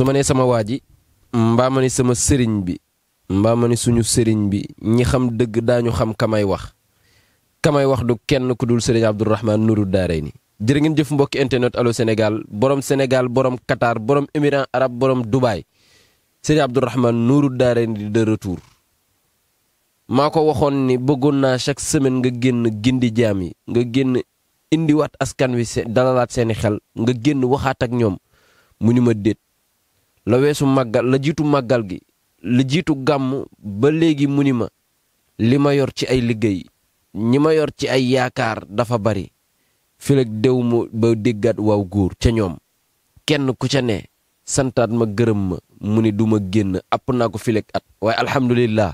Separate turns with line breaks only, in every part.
su ma nee sama waa ji mbaa ma ni sama sëriñ bi mbaam ma ni suñu sëriñ bi ñi xam dëgg daañu xam kamay wax kamay wax du kenn ku dul sëriñ Abdourahmane nuru Daarayni jërë ngeen jëf mbokki internet alo Sénégal borom Sénégal borom Qatar borom Émirats arab borom Dubaay sëriñ Abdourahmane Nourou Daarayni de retour maa ko waxoon ni bëggoon naa chaque semaine nga génn gindi jaam yi nga génn indiwaat askan wi dalalaat seeni xel nga génn waxaat ak ñoom mu ni ma déet la weesu màggal la jiitu màggal gi la jiitu gàmm ba léegi mu ni ma li ma yor ci ay liggéey ñi ma yor ci ay yaakaar dafa bari fileg déw ma ba déggaat waaw góor ca ñoom kenn ku ca ne santaat ma gërëm ma mu ni duma génn àpp naa ko fileg at waaye alhamdulillah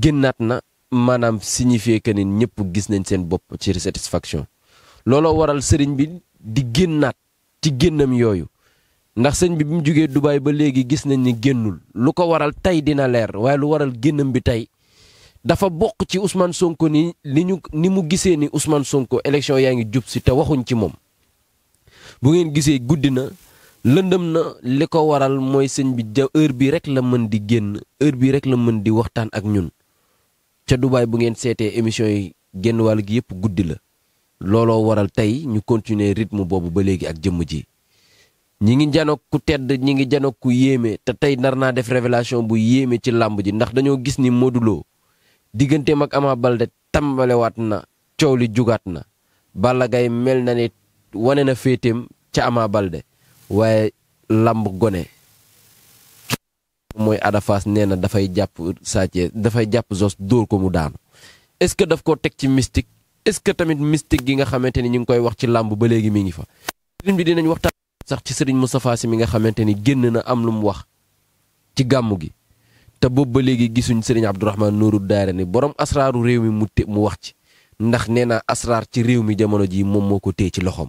génnaat na maanaam signifié que ni ñëpp gis nañ seen bopp ci satisfaction looloo waral sëriñ bi di génnaat ci génnam yooyu ndax sëñ bi bi mu jógee Dubaay ba léegi gis nañ ni génnul lu ko waral tey dina leer waaye lu waral génnam bi tey dafa bokk ci Ousmane Sonko ni li ñu ni mu gisee ni Ousmane Sonko élection yaa ngi jub si te waxuñ ci moom bu ngeen gisee guddi na lëndëm na li ko waral mooy sëñ bi ja heure bi rek la mën di génn heure bi rek la mën di waxtaan ak ñun ca Dubaay bu ngeen seetee émission yi génn wàll gi yëpp guddi la looloo waral tey ñu continuer rythme boobu ba léegi ak jëmm ji ñi ngi janook ku tedd ñi ngi janook ku yéeme te tey nar naa def révélation bu yéeme ci làmb ji ndax dañoo gis ni Modou Lo digganteem ak Ama Baldé tàmbalewaat na coow li jugaat na Balla mel na ne wane na féeteem ca Ama Baldé waaye làmb gone mooy Ada Fass nee na dafay jàpp Sa dafay jàpp Zoss dóor ko mu daanu est-ce que daf koo teg ci mystique est-ce que tamit mystique gi nga xamante ni ñu ngi koy wax ci làmb ba léegi mii ngi fa. sax ci sëriñ Moustapha mi nga xamante ni génn na am lu mu wax ci gàmm gi te boobu ba léegi gisuñ sëriñ Abdourahmane Nourou Daara ni borom asraaru réew mi mu mu wax ci ndax nee naa asraar ci réew mi jamono ji moom moo ko téye ci loxoom.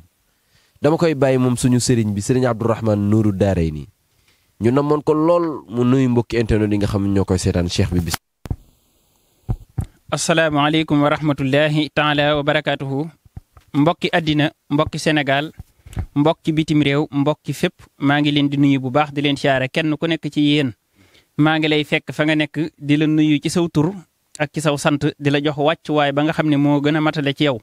dama koy bàyyi moom suñu sëriñ bi sëriñ Abdourahmane Nourou Daara nii ñu namoon ko lool mu nuyu mbokki internet yi nga xam ñoo koy seetaan seex bi bis.
asalaamaaleykum wa rahmatullahi taala wa barakaatuhu mbokki àddina mbokki Sénégal. mbokki bitim réew mbokki fépp maa ngi leen di nuyu bu baax di leen siyaare kenn ku nekk ci yéen maa ngi lay fekk fa nga nekk di la nuyu ci saw tur ak ci saw sant di la jox wàccuwaay ba nga xam ne moo gën a matale ci yow.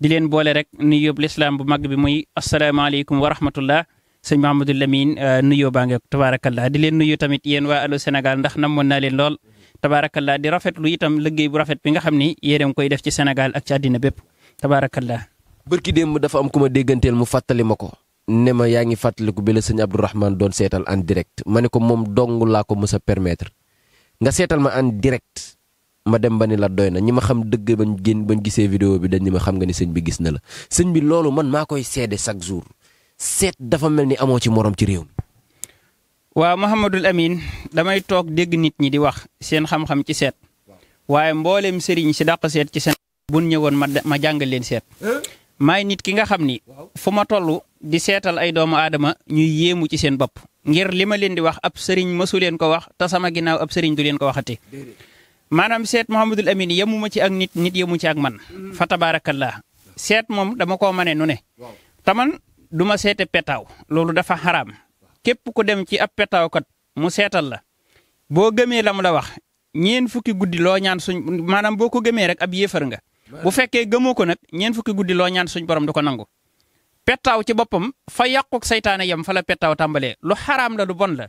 di leen boole rek nuyoob lislaam bu mag bi muy asalaamaaleykum wa rahmatullah sëñ Mahamadou Lamine euh, nuyoo baa ngeeg tabaarakallah di leen nuyu tamit yéen waa Allô Sénégal ndax namoon naa leen lool. tabaarakallah di rafetlu itam liggéey bu rafet bi nga xam ni yéen koy def ci Sénégal ak ci àddina bépp
bërki démb dafa am ku ma dégganteel mu fàttali ma ko ne ma yaa ngi fàttaliku bi la sëñ Abdourahmane doon seetal en direct ma ne ko moom dong laa ko mës a permettre nga seetal ma en direct ma dem ba ne la doy na ñi ma xam dëgg bañ génn bañ gisee vidéo bi dañ ni ma xam nga ni sëñ bi gis na la sëñ bi loolu man maa koy seede chaque jour seet dafa mel ni amoo ci moroom ci réew mi.
waaw Mouhamadul Amine damay toog dégg nit ñi di wax seen xam-xam ci seet waaye m sëriñ si dàq seet ci seen. bu ñëwoon ma ma jàngal leen seet. maay nit ki nga xam ni fu ma toll di seetal ay doomu aadama ñuy yéemu ci seen bopp ngir li ma leen di wax ab sëriñ mësu leen ko wax te sama ginnaaw ab sëriñ du leen ko waxati maanaam seet Mouhamadul Amin yemuma ci ak nit nit yemu ci ak man mm-hmm. fa tabaarakallah seet moom dama koo mane nu ne taman du ma seete petaaw loolu dafa xaraam képp ko dem ci ab petaawkat mu seetal la boo gëmee la mu la wax ñeen fukki guddi loo ñaan suñ maanaam boo ko gëmee rek ab yéefar nga bu fekkee gëmoo ko nag ñeent fukki guddi loo ñaan suñ borom du ko nangu. pettaaw ci boppam fa yàquk seytaane yam fa la pettaaw tàmbalee lu xaraam la lu bon la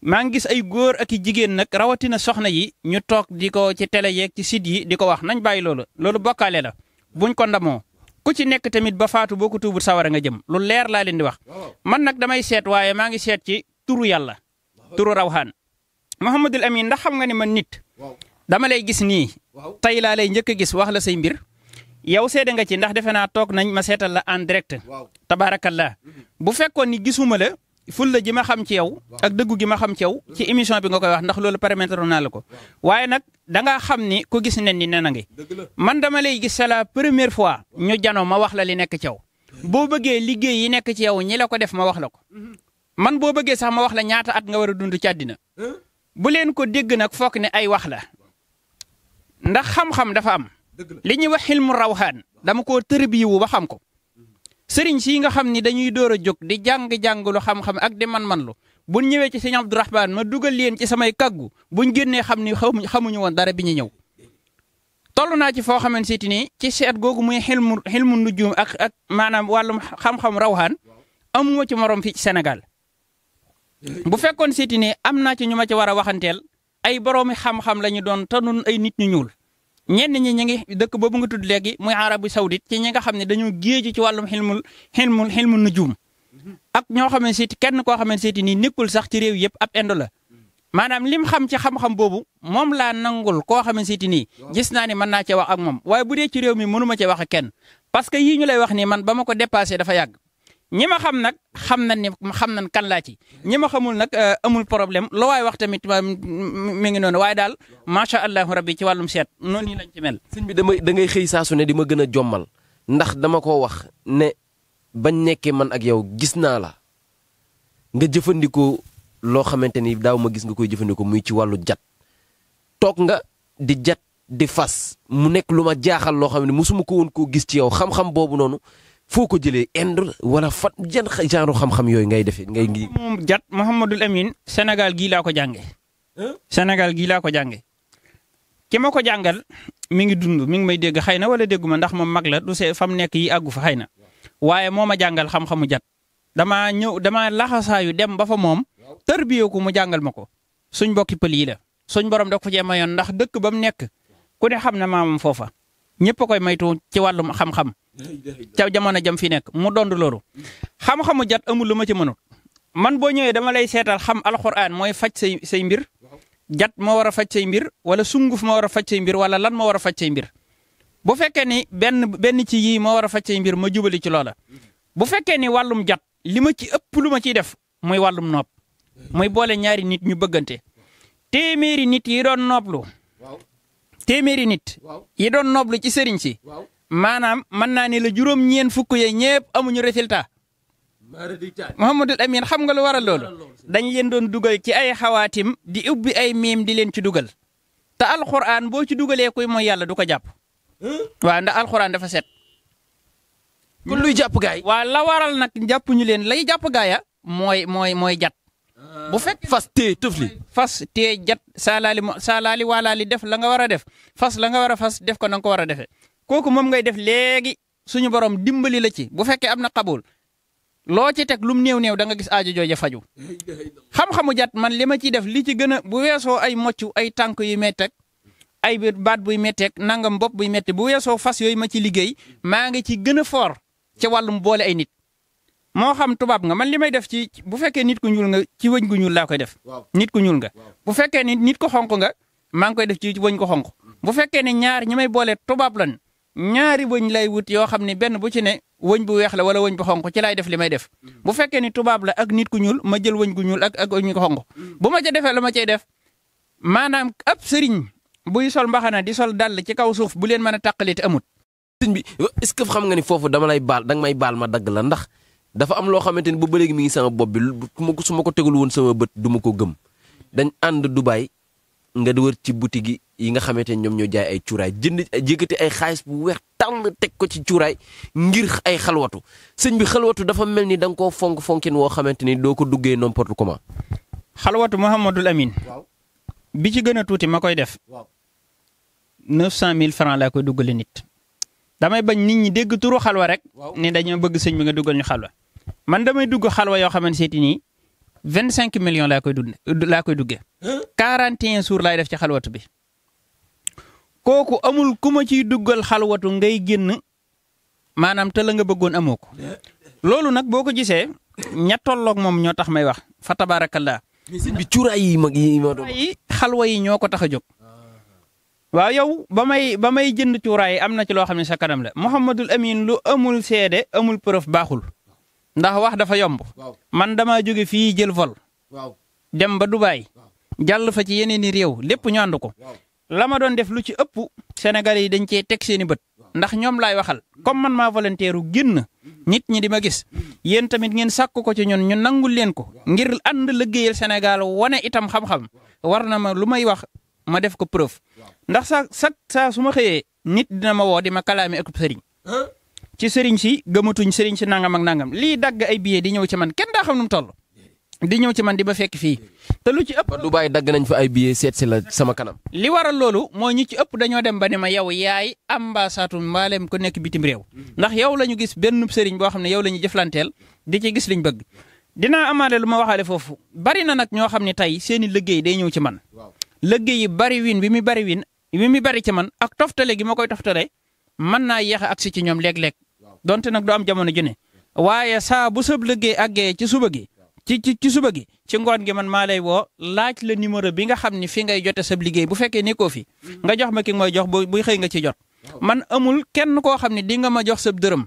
maa ngi gis ay góor ak i jigéen nag rawatina soxna yi ñu toog di ko ci télé yeeg ci site yi di ko wax nañ bàyyi loolu loolu bokkaale la buñ ko ndamoo ku ci nekk tamit ba faatu boo ko tuubut sawara nga jëm lu leer laa leen di wax. man nag damay seet waaye maa ngi seet ci turu yàlla turu rawxaan Muhammadul Amin ndax xam nga ni man nit. dama lay gis nii. tey laa lay njëkk a gis wax la say mbir. yow seede nga ci ndax defe naa toog nañ ma seetal la en direct. tabaarakallah mhm. bu fekkoon ni gisuma la. ful la ji ma xam ci yow ak dëggu gi ma xam ci yow ci mhm. émission bi nga koy wax ndax loolu permettre naa la ko waaye nag da ngaa xam ni ku gis nen ni nee na ngi man dama lay gis c'est la première fois ñu janoo ma wax la li nekk ci yow mhm. boo bëggee liggéey yi nekk ci yow ñi la ko def ma wax la ko man boo bëggee sax ma wax la ñaata at nga war a dund ci àddina bu leen ko dégg nag foog ne ay wax la ndax xam-xam dafa am. li ñuy wax xilmu rawxaan dama koo tërbiwu ba xam ko. sëriñ sii nga xam ni dañuy door a jóg di jàng jàng lu xam-xam ak di man-man lu bu ñëwee ci sëñ Abdourahman ma dugal leen ci samay bu buñ génnee xam ni xamuñu woon dara bi ñu ñëw. toll naa ci foo xamante ni ci seet googu muy xilmu nu nujum ak ak maanaam wàllum xam-xam rawxaan amu ci morom fii ci Sénégal. bu fekkoon seeti ni am naa ci ñu ma ci war a waxanteel ay boroomi xam-xam la ñu doon te ay nit ñu ñuul ñenn ñi ñu ngi dëkk boobu nga tudd léegi muy arabu saoudite ci ñi nga xam ne dañoo géeju ci wàllum xilmul xilmul xilmul juum ak ñoo xam ne siiti kenn koo xam ne siiti nii nekkul sax ci réew yëpp ab indo la maanaam lim xam ci xam-xam boobu moom laa nangul koo xam ne siiti nii gis naa ne mën naa cee wax ak moom waaye bu dee ci réew mi mënu ma wax ak kenn parce que yii ñu lay wax nii man ba ma ko dépassé dafa yàgg ñi ma xam nag xam na ne xam na nañ kan laa ci ñi ma xamul nag euh, amul problème loo waay wax tamit mi ngi noonu waaye daal macha allah rabbi ci wàllum seet noonu lañ
ci mel. sëñ bi damay dangay xëy saa su ne di ma gën a jommal ndax dama ko wax ne bañ nekkee man ak yow gis naa la nga jëfandikoo loo xamante ni daaw ma gis nga koy jëfandikoo muy ci wàllu jat toog nga di jat di fas mu nekk lu ma jaaxal loo xam ne mosuma ko woon koo gis ci yow xam boobu noonu. foo ko jëlee Inde wala fat jan genre xam-xam yooyu ngay defe ngay.
moom jat Mouhamadul Amin Sénégal gii laa ko jàngee. Sénégal gii laa ko jànge ki ma ko jàngal mi ngi dund mi ngi may dégg xëy na wala ma ndax moom mag la du see fa mu nekk yi àggu fa xëy na waaye moo ma jàngal xam-xamu jat dama ñëw damaa laxasaayu dem ba fa moom tërbiye ko mu jàngal ma ko suñ mbokki pël yi la suñ borom da ko cee mayoon ndax dëkk ba mu nekk ku ne xam na maamam foofa ñëpp a koy maytu ci wàllum xam-xam ca jamono jam fi nekk mu dond loolu xam-xamu jat amul lu ma ci mënut man boo ñëwee dama lay seetal xam alxuraan mooy faj say say mbir jat moo war a faj say mbir wala sunguf ma war a faj say mbir wala lan moo war a faj say mbir bu fekkee ni benn benn ci yii moo war a faj say mbir ma jubali ci loola bu fekkee ni wàllum jat li ma ci ëpp lu ma ciy def mooy wàllum nopp mooy boole ñaari nit ñu bëggante téeméeri nit yi doon nopplu téeméeri nit. yi doon noblu ci sëriñ si. maanaam mën naa ne la juróom-ñeent fukk yee ñëpp amuñu résultat. Mouhamadul Amine xam nga lu waral loolu. dañ leen doon dugal ci ay xawaatim di ubbi ay miim di leen ci dugal. te alxuraan boo ci dugalee kuy mooy yàlla du ko jàpp. waaw ndax alxuraan dafa set. kon luy jàpp gaay waa la waral nag jàppuñu leen lay jàpp gaaya mooy mooy mooy jat bu fekk fas tee tëfli fas tee jat saalaali saalaali waalaali def la nga war a def fas la nga war a fas def ko na ko war a defee kooku moom ngay def léegi suñu borom dimbali la ci bu fekkee am na xabul loo ci teg lum néew-néew da nga gis aajo jooja faju xam-xamu jat man li ma ciy def li ci gën a bu weesoo ay mocc ay tànk yu métti ak ay baat buy métteeg nangam mbop buy métti bu weesoo fas yooyu ma ci liggéey maa ngi ci gën a fort ci wàllum boole ay nit. moo xam tubaab nga man li may def ci bu fekkee nit ku ñuul nga ci wëñ gu ñuul laa koy def. nit ku ñuul nga. bu fekkee ni nit ko xonq nga maa ngi koy def ci wëñ ko xonq mm. bu fekkee ne ñaar ñi may boole tubaab lan ñaari wëñ lay wut yoo xam ne benn bu ci ne wëñ bu weex la wala wëñ bu xonq ci laay def li may def. Mm. bu fekkee ni tubaab la ak nit ku ñuul ma jël wëñ gu ñuul ak ak wëñ ko xonq mm. bu ma ca defee la ma cay def maanaam ab sëriñ buy sol mbaxana di sol dàll ci kaw suuf bu leen mën a tàqalee te amut. sëriñ bi est nga ni foofu dama lay baal danga may baal ma dagg la ndax dafa am
loo xamante ni bu ba léegi mi ngi sama bopp bi su ma ko tegul woon sama bët duma ko gëm dañ ànd Dubaay nga wër ci boutique yi nga xamante ni ñoom ñoo jaay ay cuuraay jënd jëkkati ay xaalis bu weex tàll teg ko ci cuuraay ngir ay xalwatu sëñ bi xalwatu dafa mel ni da nga koo fonk fonkin woo xamante ni doo ko duggee n'importe comment.
xalwatu Mouhamadul Amine. waaw bi ci gën a tuuti ma koy def. waaw cent mille francs laa koy duggale nit. damay bañ nit ñi dégg turu xalwa rek. ni dañoo bëgg sëñ bi nga dugal ñu xalwa man damay dugg xalwa yoo xamante seeti nii vingt cinq millions laa koy dund laa koy duggee quarante et un jours laay def ci xalwatu bi kooku amul ku ma ciy duggal xalwatu ngay génn maanaam te la nga bëggoon amoo ko loolu nag boo ko gisee ña tolloog moom ñoo tax may wax fa tabaarakallaa bi cuuraay yi mag yi ma doon yi ñoo ko tax a jóg waaw yow ba may ba may jënd cuuraay am na ci loo xam ne sa kanam la Mouhamadul Amin lu amul seede amul preuve baaxul ndax wax dafa yomb. man damaa jóge fii jël vol. dem ba Dubaay. jàll fa ci yeneen i réew lépp ñu ko. la ma doon def lu ci ëpp. Sénégalais yi dañ cee teg seen bët. ndax ñoom laay waxal comme man maa volontaire génn mm-hmm. nit ñi di ma gis mm-hmm. yéen tamit ngeen sàkk ko ci ñun ñu nangul leen ko ngir ànd liggéeyal Sénégal wane itam xam-xam war na ma lu may wax ma def ko preuve ndax saa saa saa su ma xëyee nit dina ma woo di ma kalaame ak sëriñ ci sëriñ si gëmatuñ sëriñ si nangam ak nangam lii dagg ay billet di ñëw ci man kenn daa xam nu mu toll. di ñëw ci man di ba fekk fii te lu ci ëpp. ba Dubaay dagg nañ fa ay billets seet si la sama kanam. li waral loolu moo ñi ci ëpp dañoo dem ba ne ma yow yaay am ambassadu mbaaleem ku nekk bitim réew. ndax yow la ñu gis benn sëriñ boo xam ne yow la ñu jëflanteel di ci gis liñ bëgg. dinaa amaale lu ma waxaale foofu bari na nag ñoo xam ne tey seen i liggéey day ñëw ci man. liggéey yi bari win bi mi bari win bi mi bari ci man ak toftale gi ma koy toftale mën naa yéex a ci ñoom léeg-léeg donte nag du am jamono ju ne waaye saa bu sëb liggéey àggee ci suba gi ci ci ci suba gi ci ngoon gi man maa lay woo laaj la numéro bi nga xam ni fi ngay jote sab liggéey bu fekkee ni koo fi nga jox ma ki mooy jox buy xëy nga ci jot man amul kenn koo xam ne di nga ma jox sab dërëm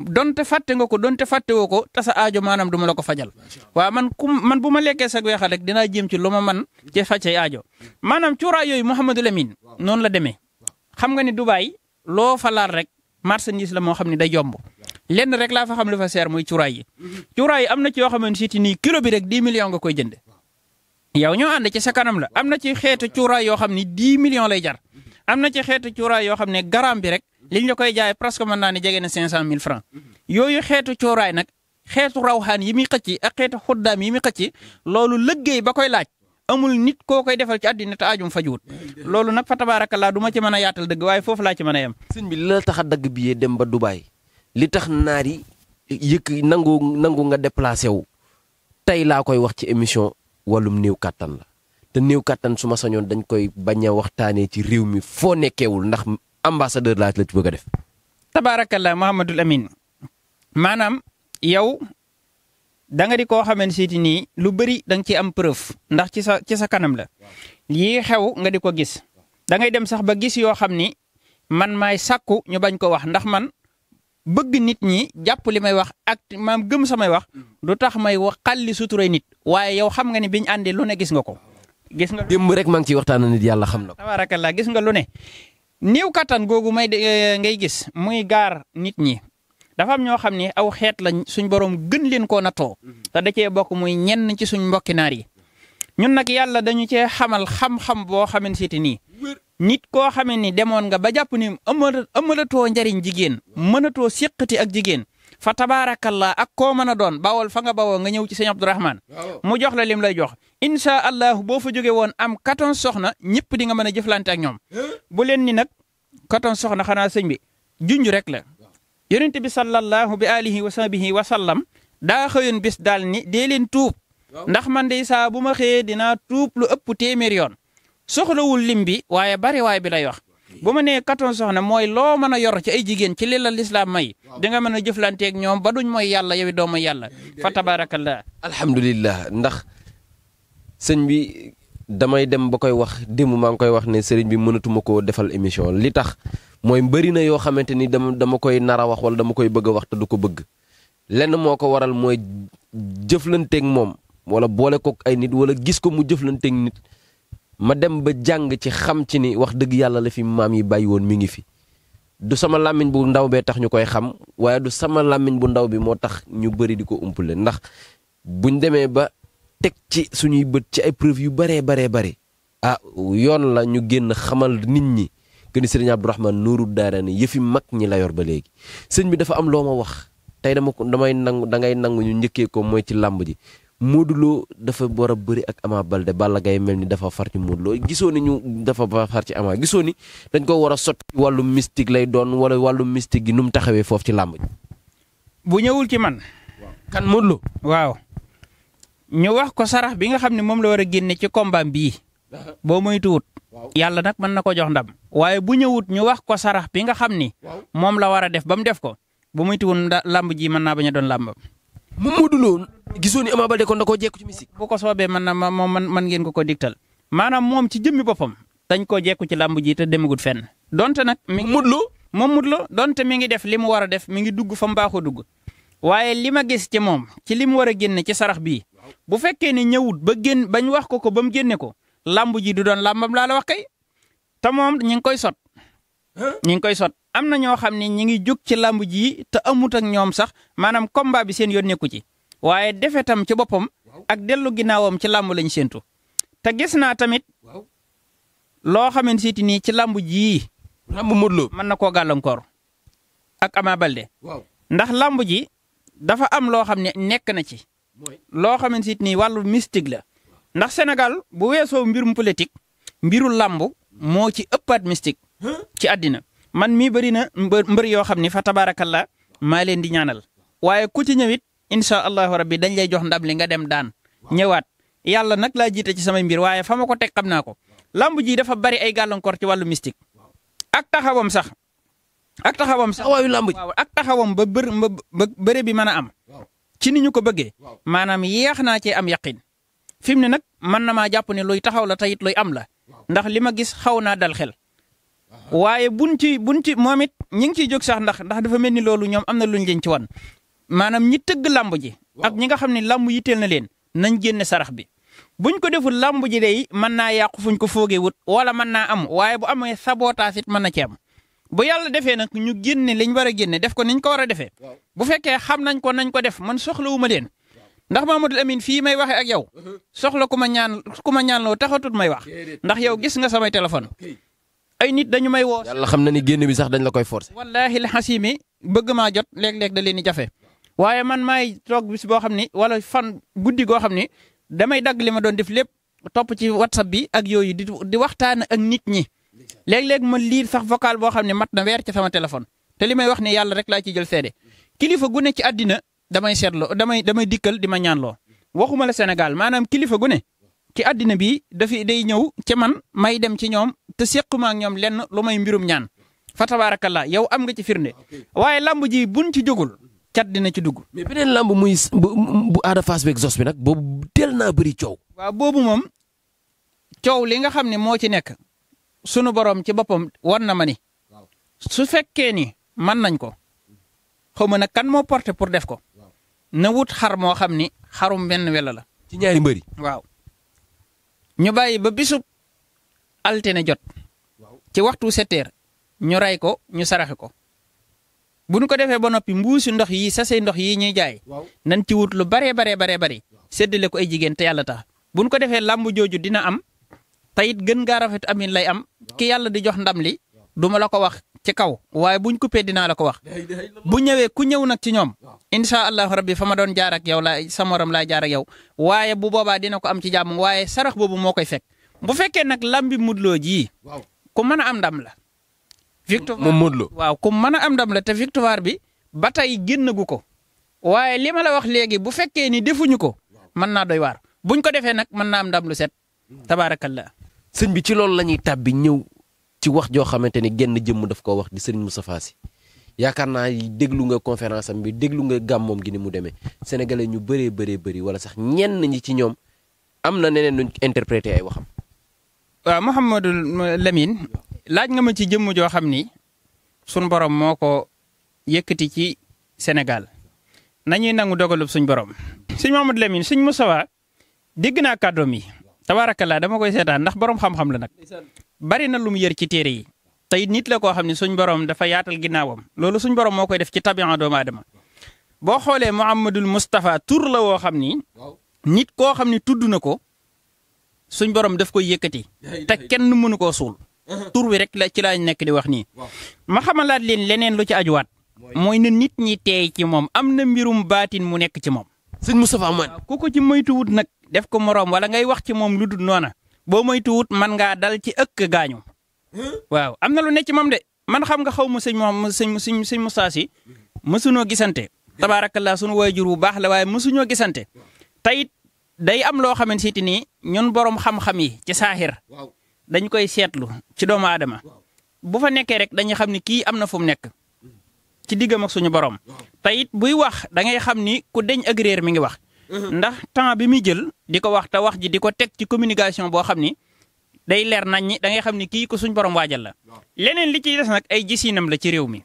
donte fàtte nga ko donte fàtte woo ko te sa aajo maanaam duma ma la ko fajal waaw man ku man bu ma lekkee sa weexal rek dinaa jéem ci lu ma man ci fàccee aajo maanaam cuuraay yooyu Mouhamadou Lamine noonu la demee xam nga ni Dubaay loo fa laal rek marchandise la moo xam ne day jomb lenn rek laa fa xam lu fa seer mooy cuuraay yi cuuraay yi am na ci yoo xamante ni kilo bi rek 10 millions ga koy jënd yow ñoo ànd ci sa kanam la am na ci xeet cuuraay yoo xam ni 10 million lay jar am na ci xeet cuuraay yoo xam ne garaam bi rek liñ la koy jaay presque mën naa ne jege na 500 000 francs yooyu xeetu cuuraay nag xeetu rawxaan yi muy xëcc ak xeetu xuddaam yi muy xëcc loolu liggéey ba koy laaj amul nit koo koy defal ci àddina te aajum fajuwut loolu nag fa tabaarakallaa du ma ci mën a yaatal dëgg waaye foofu laa ci mën a yem. sëñ
bi li la tax a dagg billet dem ba Dubaï li tax naar yi yëkk nangu nangu nga déplacé wu tey laa koy wax ci émission wàllum néew kàttan la te néew kàttan su ma sañoon dañ koy bañ waxtaanee ci réew mi foo nekkeewul ndax ambassadeur laa la ci bëgg a def.
tabaarakallaa Muhammadul Amin maanaam yow da nga di koo xamante si nii lu bari da nga ciy am preuve ndax ci sa ci sa kanam la lii xew nga di ko gis da ngay dem sax ba gis yoo xam ni man maay sàkku ñu bañ ko wax ndax man bëgg nit ñi jàpp li may wax ak maam gëm samay wax du tax may wax xalli suturay nit waaye yow xam nga ni biñ àndee lu ne gis nga ko. gis nga démb rek
maa ngi ciy waxtaan nit yàlla xam na
ko. tabaarakallah gis nga lu ne néew kattan googu may eh, ngay gis muy gaar nit ñi dafa am ñoo xam ne aw xeet lañ suñ borom gën leen koo na mhm. to da cee bokk muy ñenn ci suñ mbokki naar yi ñun nag yàlla dañu cee xamal xam-xam boo xaman si nii nit koo xamee ni demoon nga ba jàpp ni amala amalatoo njariñ jigéen mënatoo séqati ak jigéen fa tabaarakallaa ak koo mën a doon bawol fa nga bawoo nga ñëw ci sëñ Abdourahman mu jox la lim lay jox incha allah boo fa jóge woon am 14 soxna ñëpp di nga mën a jëflante ak ñoom bu leen ni nag 14 soxna xanaa sëñ bi junj rek la yonent bi sallallahu bi alihi wa sahbihi wa sallam daa xëyoon bis daal ni dee leen tuub ndax man de saa bu ma xëyee dinaa tuub lu ëpp téeméer yoon soxlawul lim bi waaye bari waay bi lay wax bu ma nee quatorze soxna mooy loo mën a yor ci ay jigéen ci li la lislaam may danga mën a jëflanteeg ñoom ba duñ mooy yàlla yow doo mooy yàlla fa tabaarakallah.
alhamdulilah ndax sëñ bi damay dem ba koy wax démb maa ngi koy wax ne sëriñ bi mënatuma koo defal émission li tax. mooy mbëri na yoo xamante ni dama dama koy nar a wax wala dama koy bëgg a wax du ko bëgg lenn moo ko waral mooy jëflanteek moom wala boole ko ay nit wala gis ko mu jëflanteeg nit ma dem ba jàng ci xam ci ni wax dëgg yàlla la fi maam yi bàyyi woon mi ngi fi. du sama làmmiñ bu ndaw bee tax ñu koy xam waaye du sama làmmiñ bu ndaw bi moo tax ñu bëri di ko umpule ndax buñ demee ba teg ci suñuy bët ci ay preuve yu baree baree bari ah yoon la ñu génn xamal nit ñi. que ni sëriñ Abdourahman Nuuru Daarani yëfi mag ñi la yor ba léegi sëñ bi dafa am loo ma wax tey dama ko damay nangu dangay nangu ñu njëkkee ko mooy ci làmb ji Modou Lo dafa war a bëri ak Ama Balde Balla Gaye mel ni dafa far ci Modou gisoo ni ñu dafa far ci Ama gisoo ni dañ ko war a sotti wàllu mystique lay doon wala wàllu mystique gi nu mu taxawee foofu ci làmb ji.
bu ñëwul ci man. kan Modou Lo. waaw ñu wax ko sarax bi nga xam ne moom la war a génne ci combat bii. boo moytuwut yàlla nag mën na ko jox ndam waaye bu ñëwut ñu wax ko sarax bi nga xam ni moom la war a def ba mu def ko bu moytuwul lamb ji man naa bañ a doon làmb. moom Modou Lo gisoo ni Ama Baldé kon da koo jekku ci musique. bu ko soobee mën na ma man mën ngeen ko ko digtal maanaam moom ci jëmmi boppam dañ koo jekku ci làmb ji te demagul fenn donte nag. mi ngi Modou Lo moom Modou Lo donte mi ngi def li mu war a def mi ngi dugg fa mu baaxoo dugg waaye li ma gis ci moom ci li mu war a génne ci sarax bii bu ba génn bañ wax ko ko ba mu génne ko lamb ji du doon lambam laa la wax kay te moom ñi ngi koy sot ñi ngi koy sot am na ñoo xam ne ñi ngi jóg ci lamb ji te amut ak ñoom sax maanaam combat bi seen yoon nekku ci waaye defetam ci boppam ak dellu ginnaawam ci lamb lañ séentu te gis naa tamit loo xamante siiti nii ci lamb ji. lamb Modou Lo mën na koo gàllankoor ak Ama Balde. ndax lamb ji dafa am loo xam ne nekk na ci. loo xamante ni wàllu mystique ndax senegal bu weesoo mbirum politique mbiru làmb moo ci ëppaat mystique ci àddina man mii bëri na mbër yoo xam ni fa tabaarakallaa maa leen di ñaanal waaye ku ci ñëwit incha allahu rabbi dañ lay jox ndam li nga dem daan ñëwaat yàlla nag laa jiite ci samay mbir waaye fa ma ko teg xam naa ko lamb ji dafa bari ay gàllankoor ci wàllu mistik ak taxawam sax ak taxawam sax waaw lamb ji ak taxawam ba bër ba bëre bi mën a am ci ni ñu ko bëggee maanaam naa cee am yaqin fi mu ne nag mën na maa jàpp ne luy taxaw la te it luy am la ndax li ma gis xaw naa dal xel. waaye buñ ci buñ ci moom it ñi ngi ciy jóg sax ndax ndax dafa mel ni loolu ñoom am na luñ leen ci wan maanaam ñi tëgg làmb ji. ak ñi nga xam ne làmb yitteel na leen nañ génne sarax bi. buñ ko deful làmb ji day mën naa yàqu fuñ ko foogee wut wala mën naa am waaye bu amee sabotaas it mën na ci am bu yàlla defee nag ñu génne liñ war a génne def ko niñ ko war a defee bu fekkee xam nañ ko nañ ko def man soxlawuma leen ndax maa Mamadou amin fii may waxee ak yow mhm. soxla ku ma ñaan ku ma ñaan loo taxatut may wax ndax yow gis nga samay téléphone ay nit dañu may woo. yàlla
xam na ni génn bi sax dañ la koy forcer.
wallaahi la xasimi bëgg maa jot léeg-léeg da leen di jafe waaye man maay toog bis boo xam ni wala fan guddi goo xam ni damay dagg li ma doon def lépp topp ci whatsapp bi ak yooyu di di waxtaan ak nit ñi léeg-léeg ma liir sax vocal boo xam ne mat na weer ci sama téléphone te li may wax ne yàlla rek laa ci jël seede kilifa gu ne ci àddina damay seetloo damay damay dikkal di ma ñaanloo waxuma la Sénégal maanaam kilifa gu ne ci àddina bi dafa day ñëw ci man may dem ci ñoom te sequma ak ñoom lenn lu may mbirum ñaan fa tabaarakallaa yow am nga ci firnde waaye làmb ji buñ ci jógul cat dina ci dugg. mais beneen lamb muy bu bu Ada Fass beeg Zoss bi nag boobu teel naa bëri coow. waa boobu moom coow li nga xam ne moo ci nekk sunu boroom ci boppam war na ma ni su fekkee ni mën nañ ko xaw ma nag kan moo porté pour def ko. na xar moo xam ni xarum benn welo la. ci ñaari mbëri waaw. ñu bàyyi ba bisub altine jot. ci waxtu sept heures ñu ray ko ñu saraxi ko. bu nu ko defee ba noppi mbuusi ndox yi sasey ndox yii ñuy jaay. nañ ci wut lu baree baree baree bari. séddale ko ay jigéen te yàlla tax bu ñu ko defee làmb jooju dina am. te gën gaa rafet amin lay am. ki yàlla di jox ndam li. duma la ko wax ci kaw waaye buñ coupé dinaa la ko wax bu ñëwee ku ñëw nag ci ñoom incha allahu rabbi fa ma doon jaar ak yow laa sa morom laa jaar ak yow waaye bu boobaa dina ko am ci jàmm waaye sarax boobu moo koy fekk bu fekkee nag lambi mudloo ji ku mën a am ndam la. victoire moom mudlo waaw ku mën a am ndam la te victoire bi ba tey génnagu ko waaye li ma la wax léegi bu fekkee ni defuñu ko mën naa doy waar buñ ko defee nag mën naa am ndam lu set hmm. tabaarakallah
sëñ bi ci loolu la ñuy tàbbi ñëw ci wax joo xamante ni genn jëmm daf koo wax di Serigne Moustapha Sy yaakaar naa déglu nga conférence am bi déglu nga gàmmoom gi ni mu demee sénégalais ñu
bëree bëree bëri wala sax ñenn ñi ci ñoom am na neneen nuñ interprété ay waxam. waaw Mouhamadou lemin laaj nga ma ci jëmm joo xam ni sunu borom moo ko yëkkati ci Sénégal nañuy nangu dogalub suñ borom. sëñ Mouhamadou Lamine sëñ Moustapha dégg naa kàddoom mi tabaarakallaa dama koy seetaan ndax borom xam-xam la nag bari na lu mu yër ci téere yi tey nit la koo xam ne suñ boroom dafa yaatal ginnaawam loolu suñ borom moo koy def ci tabian doomu aadama boo xoolee Muhammadul Moustapha tur la woo xam ni nit koo xam ne tudd na ko suñ borom daf koy yëkkati te kenn mënu koo suul uh-huh. tur wi rek la ci laañ nekk di wax nii. ma xamalaat leen leneen lu ci ajuwaat. mooy na nit ñi teey ci moom am na mbirum baatin mu nekk ci moom. def ko moroom wala ngay wax ci moom lu dul noona boo moytuwut man ngaa dal ci ëkk gaañu. waaw am na lu ne ci moom de man xam nga xaw ma sëñ moom sëñ sëñ sëñ Moussa Sy mësuñoo gisante. tabaarakallaa sunu waajur bu baax la waaye mësuñoo gisante. tayit day am loo xamante ni ñun boroom xam-xam yi ci saaxir dañ koy seetlu ci doomu aadama bu fa nekkee rek dañuy xam ni kii am na fu mu nekk hmm. ci diggam ak suñu borom tayit buy wax da ngay xam ni ku deñ ak mi ngi wax. Mm-hmm. ndax temps bi muy jël di ko wax te wax ji di ko teg ci communication boo xam ni day leer nañ ñi da ngay xam ni kii ko suñ borom waajal la. leneen li ciy des nag ay gisinam la ci réew mi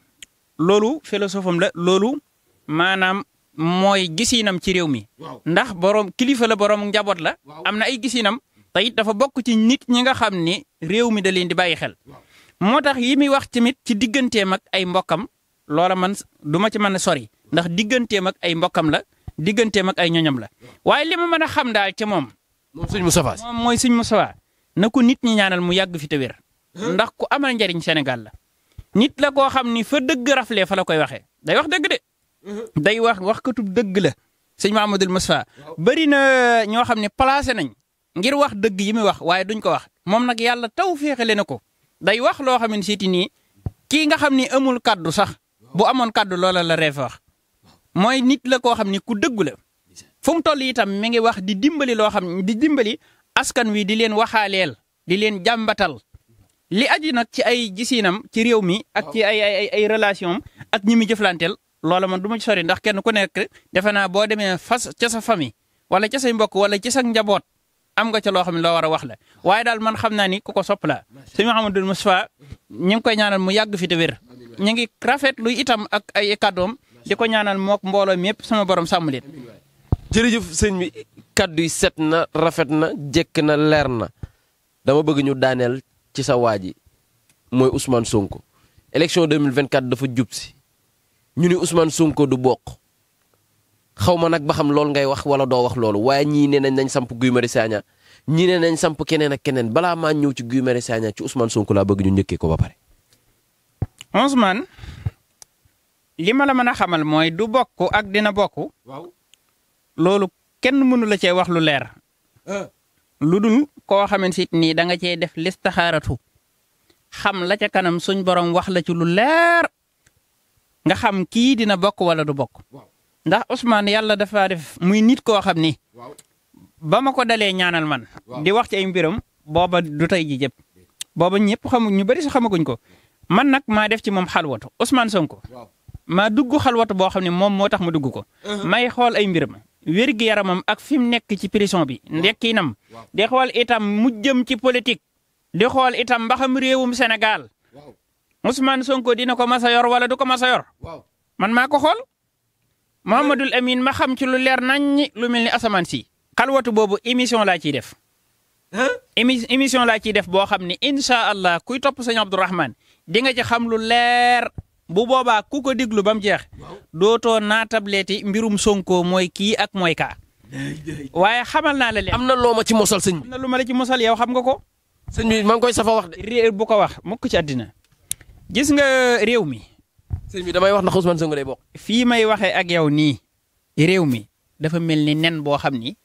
loolu philosophe la loolu maanaam mooy gisinam ci réew mi. ndax borom kilifa la borom njaboot la. am na ay gisinam te it dafa bokk ci nit ñi nga xam ni réew mi da leen di bàyyi xel. moo tax yi muy wax tamit ci diggantee ak ay mbokkam loola man du ma ci mën a sori ndax digganteem ak ay mbokkam la. digganteem ak ay ñoñam la waaye li ma mën a xam daal ci moom. moom sëñ Moustapha moom mooy sëñ Moustapha na ko nit ñi ñaanal mu yàgg fi te wér. ndax ku amal njariñ senegal la. nit la koo xam ni fa dëgg raflee fa la koy waxee day wax dëgg de. day wax wax katub dëgg la. sëñ Mamadou Moustapha bëri na ñoo xam ne placé nañ ngir wax dëgg yi muy wax waaye duñ ko wax moom nag yàlla taw féexale na ko day wax loo xam ne siiti nii kii nga xam ni amul kaddu sax bu amoon kaddu loola la reef wax mooy nit la koo xam ni ku dëggu la fu mu toll itam mi ngi wax di dimbali loo xam di dimbali askan wi di leen waxaaleel di leen jàmbatal li aji nag ci ay jisiinam ci réew mi ak ci ay ay ay relation ak ñi muy jëflanteel loola man du ma sori ndax kenn ku nekk defe naa boo demee fas ca sa famille wala ca mbokk wala ca njaboot am nga ca loo xam ne loo war a wax la waaye daal man xam naa ni ku ko sopp la sëñ Mouhamadou Moustapha ñu ngi koy ñaanal mu yàgg fi te wér ngi rafet luy itam ak ay kàddoom di ko ñaanal mook mbooloo mi yëpp sama boroom sàmm leen.
jërëjëf sëñ bi kaddu yi seet na rafet na jëkk na leer na dama bëgg ñu daaneel ci sa waa ji mooy Ousmane Sonko élection 2024 dafa jub si ñu ni Ousmane Sonko du boq xaw ma nag ba xam loolu ngay wax wala doo wax loolu waaye ñii nee nañ nañ samp Guy Marius Sagna ñii ne nañ samp keneen ak keneen balaa maa ñëw ci Guy Marius Sagna ci Ousmane Sonko laa bëgg ñu njëkkee ko ba pare.
li ma la mën a xamal mooy du bokk ak dina bokk. loolu kenn mënu la cee wax lu leer. Euh. lu dul koo xamante ni da nga cee def listaxaaratu xam la ca kanam suñ borom wax la ci lu leer nga xam kii dina bokk wala du bokk. ndax usmaan yàlla dafa def muy nit koo xam ni. ba ma ko dalee ñaanal man. di wax ci ay mbiram booba du tey ji jëpp. booba ñëpp xamu ñu bëri si xamaguñ ko man nag maa def ci moom xal xalwatu Ousmane Sonko. maa dugg xalwatu boo xam ne moom moo tax ma dugg ko. Uh-huh. may xool ay mbiram. wérgi yaramam ak fi mu nekk ci prison bi. ndekkinam di xool itam mu jëm ci politique. di xool itam mbaxam réewum Sénégal. Ousmane Sonko dina ko mas a yor wala du ko masa a yor. man maa ko xool. Mouhamadul Amine ma xam ci lu leer naññ lu mel ni asamaan si. xalwatu boobu émission laa ciy def. émi émission laa ciy def boo xam ne incha allah kuy topp sëñ Abdourahman di nga ci xam lu leer. bu boobaa ku ko déglu ba mu jeex dootoo naatableeti mbirum Sonko mooy kii ak mooy kaa waaye xamal naa la leen. am na loo ma ci mosal sëñ bi. am na lu ma la ci mosal yow xam nga ko. sëñ bi maa koy safa wax de. réer bu ko wax mukk ci àddina gis nga réew mi. sëñ damay wax ndax Ousmane Sonko bokk. fii may waxee ak yow nii. réew mi dafa mel ni nen boo xam ni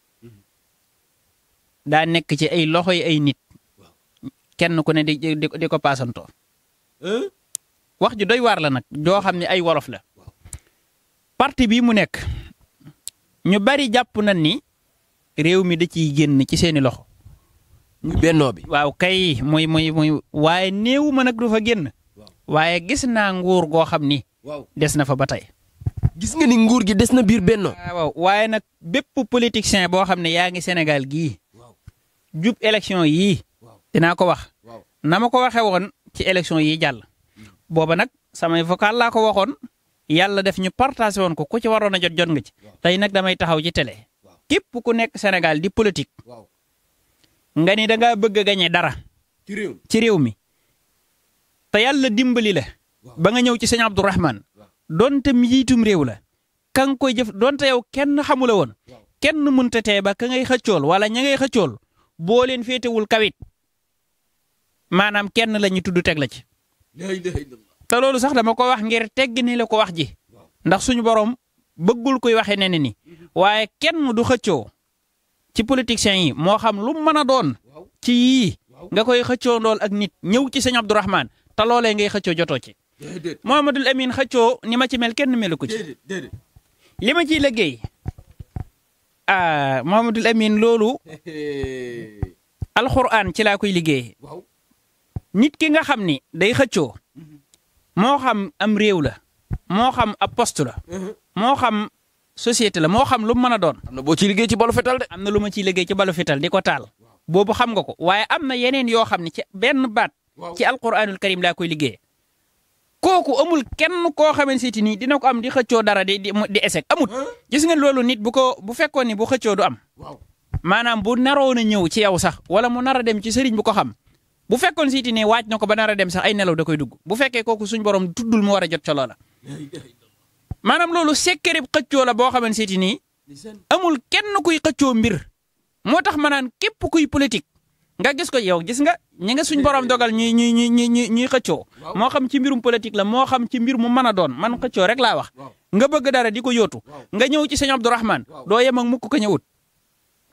daa nekk ci ay loxo yi ay nit kenn ku ne di di ko paasantoo. wax ju doy waar la nag joo xam ne ay wolof la parti bii mu nekk ñu bari jàpp nañ ni réew mi da ci génn ci seeni loxo. bennoo bi waaw kay muy muy muy waaye néewu ma nag du fa génn. waaye gis naa nguur goo xam ni. des na fa ba tey. gis nga ni nguur gi des na biir benno ah, waaw waaye nag bépp politicien boo xam ne yaa ngi Sénégal gii. jub élection yii. dinaa ko wax. na ma ko waxee woon ci élection yi jàll. booba nag samay vocal laa ko waxoon yàlla def ñu partagé woon ko ku ci waroon a jot jot nga ci. tey nag damay taxaw ci télé. képp ku nekk Sénégal di politique. nga ni da ngaa bëgg a gañe dara. ci réew mi. te yàlla dimbali la. ba nga ñëw ci sëñ Abdourahman. donte njiitum réew la. ka nga koy jëf donte yow kenn xamula woon. kenn mënta tee ba ka ngay xëccool wala ña ngay xëccool. boo leen féetewul kawit maanaam kenn la ñu tudd teg la ci.
te
loolu sax dama ko wax ngir tegg ni la ko wax ji ndax suñu borom bëggul koy waxee ne ne ni mhm. waaye kenn du xëccoo ci politiciens yi moo xam lu mën a doon ci yii nga koy xëccoo ndool ak nit ñëw ci sëñ Abdourahmane te loolee ngay xëccoo jotoo ci. du Amin xëccoo ni ma ci mel kenn melu ko ci. li ma ciy liggéey ah Mohamadul Amin loolu alxuraan ci laa koy liggéey nit ki nga xam ni day xëccoo mhm. moo xam am réew la moo xam ab poste la mhm. moo xam société la moo xam lu mu mën a doon. am boo ci liggéey ci balu fital de. am na lu ma ciy liggéey ci balu fetal di ko taal boobu xam nga ko waaye am na yeneen yoo xam ne ci benn baat. ci alquranul karim laa koy liggéey kooku amul kenn koo xamante ni dina ko am di xëccoo dara di di di échec amut. gis nga loolu nit bu ko bu fekkoon ni bu xëccoo du am. maanaam bu naroon a ñëw ci yow sax wala mu nar a dem ci sëriñ bu ko xam. bu fekkoon siiti ne waaj na ko ba nar a dem sax ay nelaw da koy dugg bu fekkee kooku suñ borom tuddul mu war a jot ca loola maanaam loolu bu xëccoo la boo xamante siiti nii amul kenn kuy xëccoo mbir moo tax ma naan képp kuy politique nga gis ko yow gis nga ñi nga suñ borom dogal ñuy ñuy ñuy ñuy ñuy xëccoo moo xam ci mbirum politique la moo xam ci mbir mu mën a doon man xëccoo rek laa wax nga bëgg dara di ko yóotu nga ñëw ci sëñ Abdourahman doo yem ak mukk ko ñëwut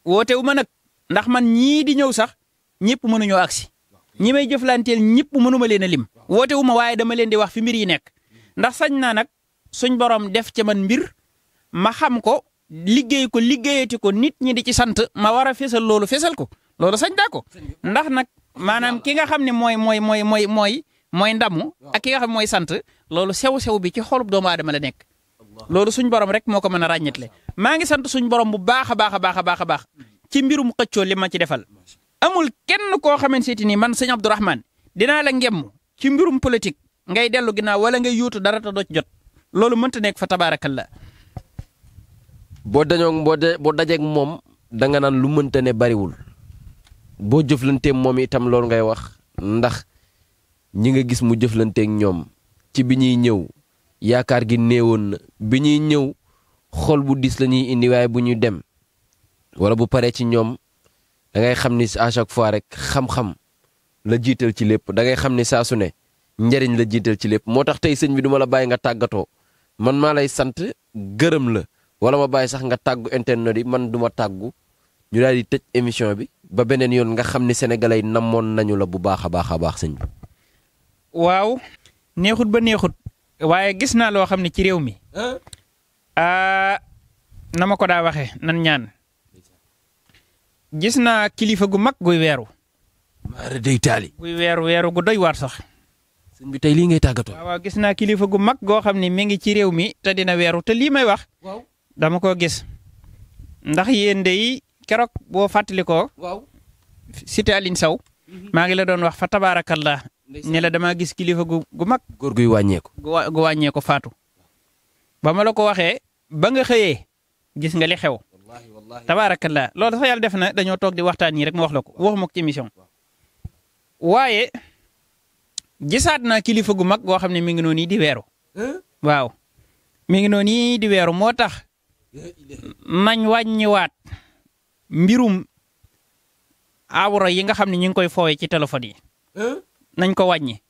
woote ma nag ndax man ñii di ñëw sax ñëpp mënuñoo agsi ñi may jëflanteel ñëpp mënuma leen a lim woote wu ma waaye dama leen di wax fi mbir yi nekk ndax sañ naa nag suñ borom def ca man mbir ma xam ko liggéey ko liggéeyati ko nit ñi di ci sant ma war a fesal loolu fesal ko loolu sañ daa ko ndax nag maanaam ki nga xam ne mooy mooy mooy mooy mooy mooy ndamu ak ki nga xam ne mooy sant loolu sew-sew bi ci xolub doomu aadama le nekk loolu suñ borom rek moo ko mën a ràññetle maa ngi sant suñ borom bu baax a baax baax a baax a baax ci mbirum xëccoo li ma ci defal amul kenn koo xamante ni man sëñ Abdourahmane dinaa la ngemm ci mbirum politique ngay dellu ginnaaw wala ngay yuutu dara te doj jot loolu mënta nekk fa tabaarakallaa.
boo dañoo boo de boo dajeeg moom danga naan lu mënta ne bariwul boo jëflanteeg moom itam loolu ngay wax ndax ñi nga gis mu jëflanteeg ñoom ci bi ñuy ñëw yaakaar gi néewoon na bi ñuy ñëw xool bu diis lañuy ñuy bu ñuy dem wala bu paree ci ñoom. da ngay xam ni à chaque fois rek xam-xam la jiital ci lépp da ngay xam ni saa su ne njëriñ la jiital ci lépp moo tax tey sëñ bi duma la bàyyi nga tàggatoo man maa lay sant gërëm la wala ma bàyyi sax nga tàggu internet yi man duma tàggu ñu daal di tëj émission bi ba beneen yoon nga xam ni sénégalais namoon nañu la bu baax a baax a baax sëñ bi.
waaw neexut ba neexut waaye gis naa loo xam ne ci réew mi. ah na ma ko daa waxee nan ñaan. gis naa kilifa gu mag guy weeru. maara weeru weeru gu doy waar sax.
sëñ tey lii ngay tàggatoo.
gis naa kilifa gu mag goo xam ne mi ngi ci réew mi te dina weeru te lii may wax. dama ko gis. ndax yéen de keroog boo fàttalikoo. waaw cité Aline Sow. Mhm. maa ngi la doon wax fa tabaarakallah. ne la damaa gis kilifa gu gu mag.
góor guy wàññeeku.
gu wa gu faatu. ba ma la ko waxee ba nga xëyee gis nga li xew. tabaarakallah loolu sax yàlla def na dañoo toog di waxtaan ñii rek ma wax la ko waxuma ko ci émission waaye jisaat na kilifa gu mag goo xam ne mi ngi noonu di weeru. waaw mi ngi noonu di weeru moo tax nañ wàññiwaat mbirum awra yi nga xam ne ñu ngi koy foowee ci téléphone yi. nañ ko wàññi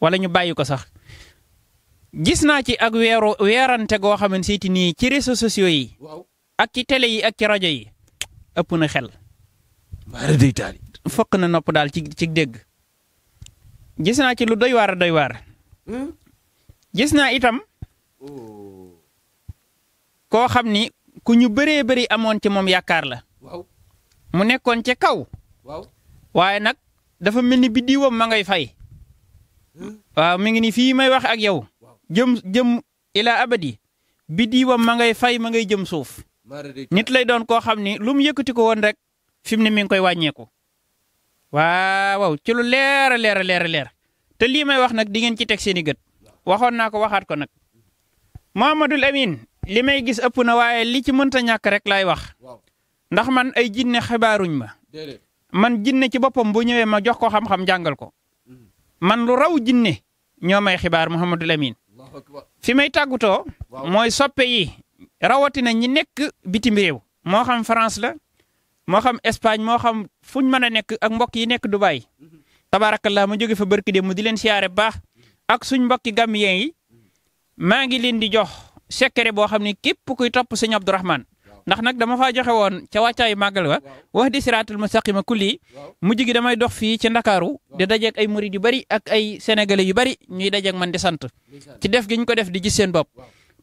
wala ñu bàyyi ko sax. gis naa ci ak weeru weerante goo xam ne seeti ci réseaux sociaux yi. ak ci tele yi ak ci rajo yi ëpp na xel. fokk na nopp daal ci ci dégg. gis naa ci lu doy waar doy waar. Hmm? gis naa itam. koo xam ni ku ñu bëree bëri amoon ci moom yaakaar la. mu nekkoon ca kaw. waaw waaye nag dafa mel ni biddiwam ma ngay fay. Hmm? waaw mu ngi ni fii may wax ak yow. jëm jëm ila abadi biddiwam ma ngay fay ma ngay jëm suuf. nit lay doon koo xam ni lu mu yëkkati ko woon rek fi mu ne mi ngi koy wàññeeku. waaw ci lu leer a leer a leer leer te lii may wax nag di ngeen ci teg seen gët waxoon naa ko waxaat ko nag Muhammadul Amin li may gis ëpp na waaye li ci mënta ñàkk rek laay wax ndax man ay jinne xibaaruñ ma man jinne ci boppam bu ñëwee ma jox ko xam-xam jàngal ko mm-hmm. man lu raw jinne ñoo xibaar Muhammadul Amin fi may tàggutoo mooy soppe yi rawatina ñi nekk bitim réew moo xam France la moo xam Espagne moo xam fuñ mën a nekk ak mbokk yi nekk Dubai tabarakallah ma jóge fa barki dem mu di leen siyaare baax ak suñ mbokki gambien yi maa ngi leen di jox secret boo xam ne képp kuy topp sëñ Abdourahman ndax nag dama faa joxe woon ca wàccaayu màggal wa wax di ma siraatul mustaqima kulli mujj gi damay dox fii ci ndakaaru di dajeeg ay murid yu bari ak ay sénégalais yu bari ñuy dajeeg man di sant ci def gi ko def di gis seen bopp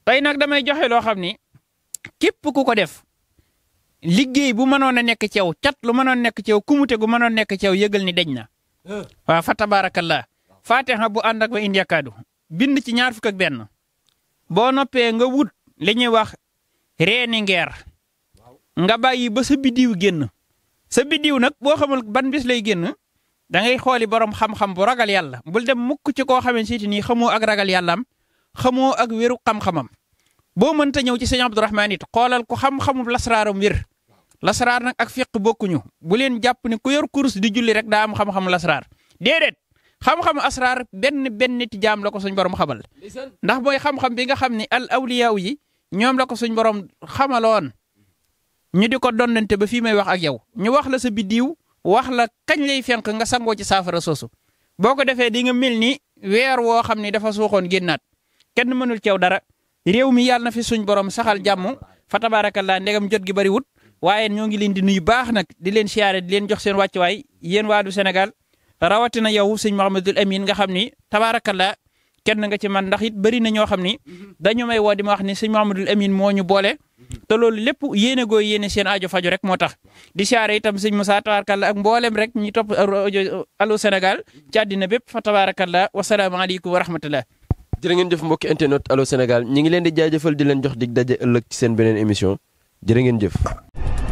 tey nag damay loo xam ni képp ku ko def liggéey bu mënoon a nekk ci cat lu mënoon nekk ci yow kumute gu mënoon nekk ci yow yëgal ni deñ na. Eh. waaw fa tabaarakallaa faatiha bu ànd ak wa indi yakaadu bind ci ñaar fukk benn boo noppee nga wut li ñuy wax reeni ngeer nga bàyyi ba sa biddiw génn sa nag boo xamul ban bis lay génn dangay ngay xooli borom xam-xam bu ragal yàlla bul dem mukk ci koo xamee siiti nii xamoo ak ragal yàllaam xamoo ak wéru xam-xamam boo mënta ñëw ci sëñ Abdourahmaan it xoolal ko xam-xamub lasraaram wér lasraar nag ak fiq bokkuñu bu leen jàpp ne ku yor kurus di julli rek daa am xam-xam lasraar déedéet xam-xam asraar benn benn nit jaam la ko suñ borom xamal ndax mooy xam-xam bi nga xam ne al awliyaaw yi ñoom la ko suñ borom xamaloon ñu di ko donnante ba fii may wax ak yow ñu wax la sa biddiw wax la kañ lay fenq nga sangoo ci saafara soosu boo ko defee di nga mel ni weer woo xam ne dafa suuxoon génnaat kenn mënul ceew dara réew mi yàlla na fi suñ borom saxal jàmm fa tabaarakallaa ndegam jot gi bari wut waaye ñoo ngi leen di nuyu baax nag di leen siyaare di leen jox seen wàccuwaay yéen waa du Sénégal rawatina yow sëñ Mouhamadul Amine nga xam ni tabaarakallaa kenn nga ci man ndax it bëri na ñoo xam ni dañu may woo di ma wax ni sëñ Mouhamadul Amine moo ñu boole te loolu lépp yéene goo yéene seen ajo fajo rek moo tax di siyaare itam sëñ Moussa tabaarakallaa ak mboolem rek ñi topp Allô Sénégal ci àddina bépp fa tabaarakallaa wasalaamaaleykum wa rahmatullah
jërë ngeen jëf mbokki internet allo Sénégal ñi ngi leen di jaajëfal di leen jox dig daje ëllëg ci seen beneen émission jërë ngeen jëf.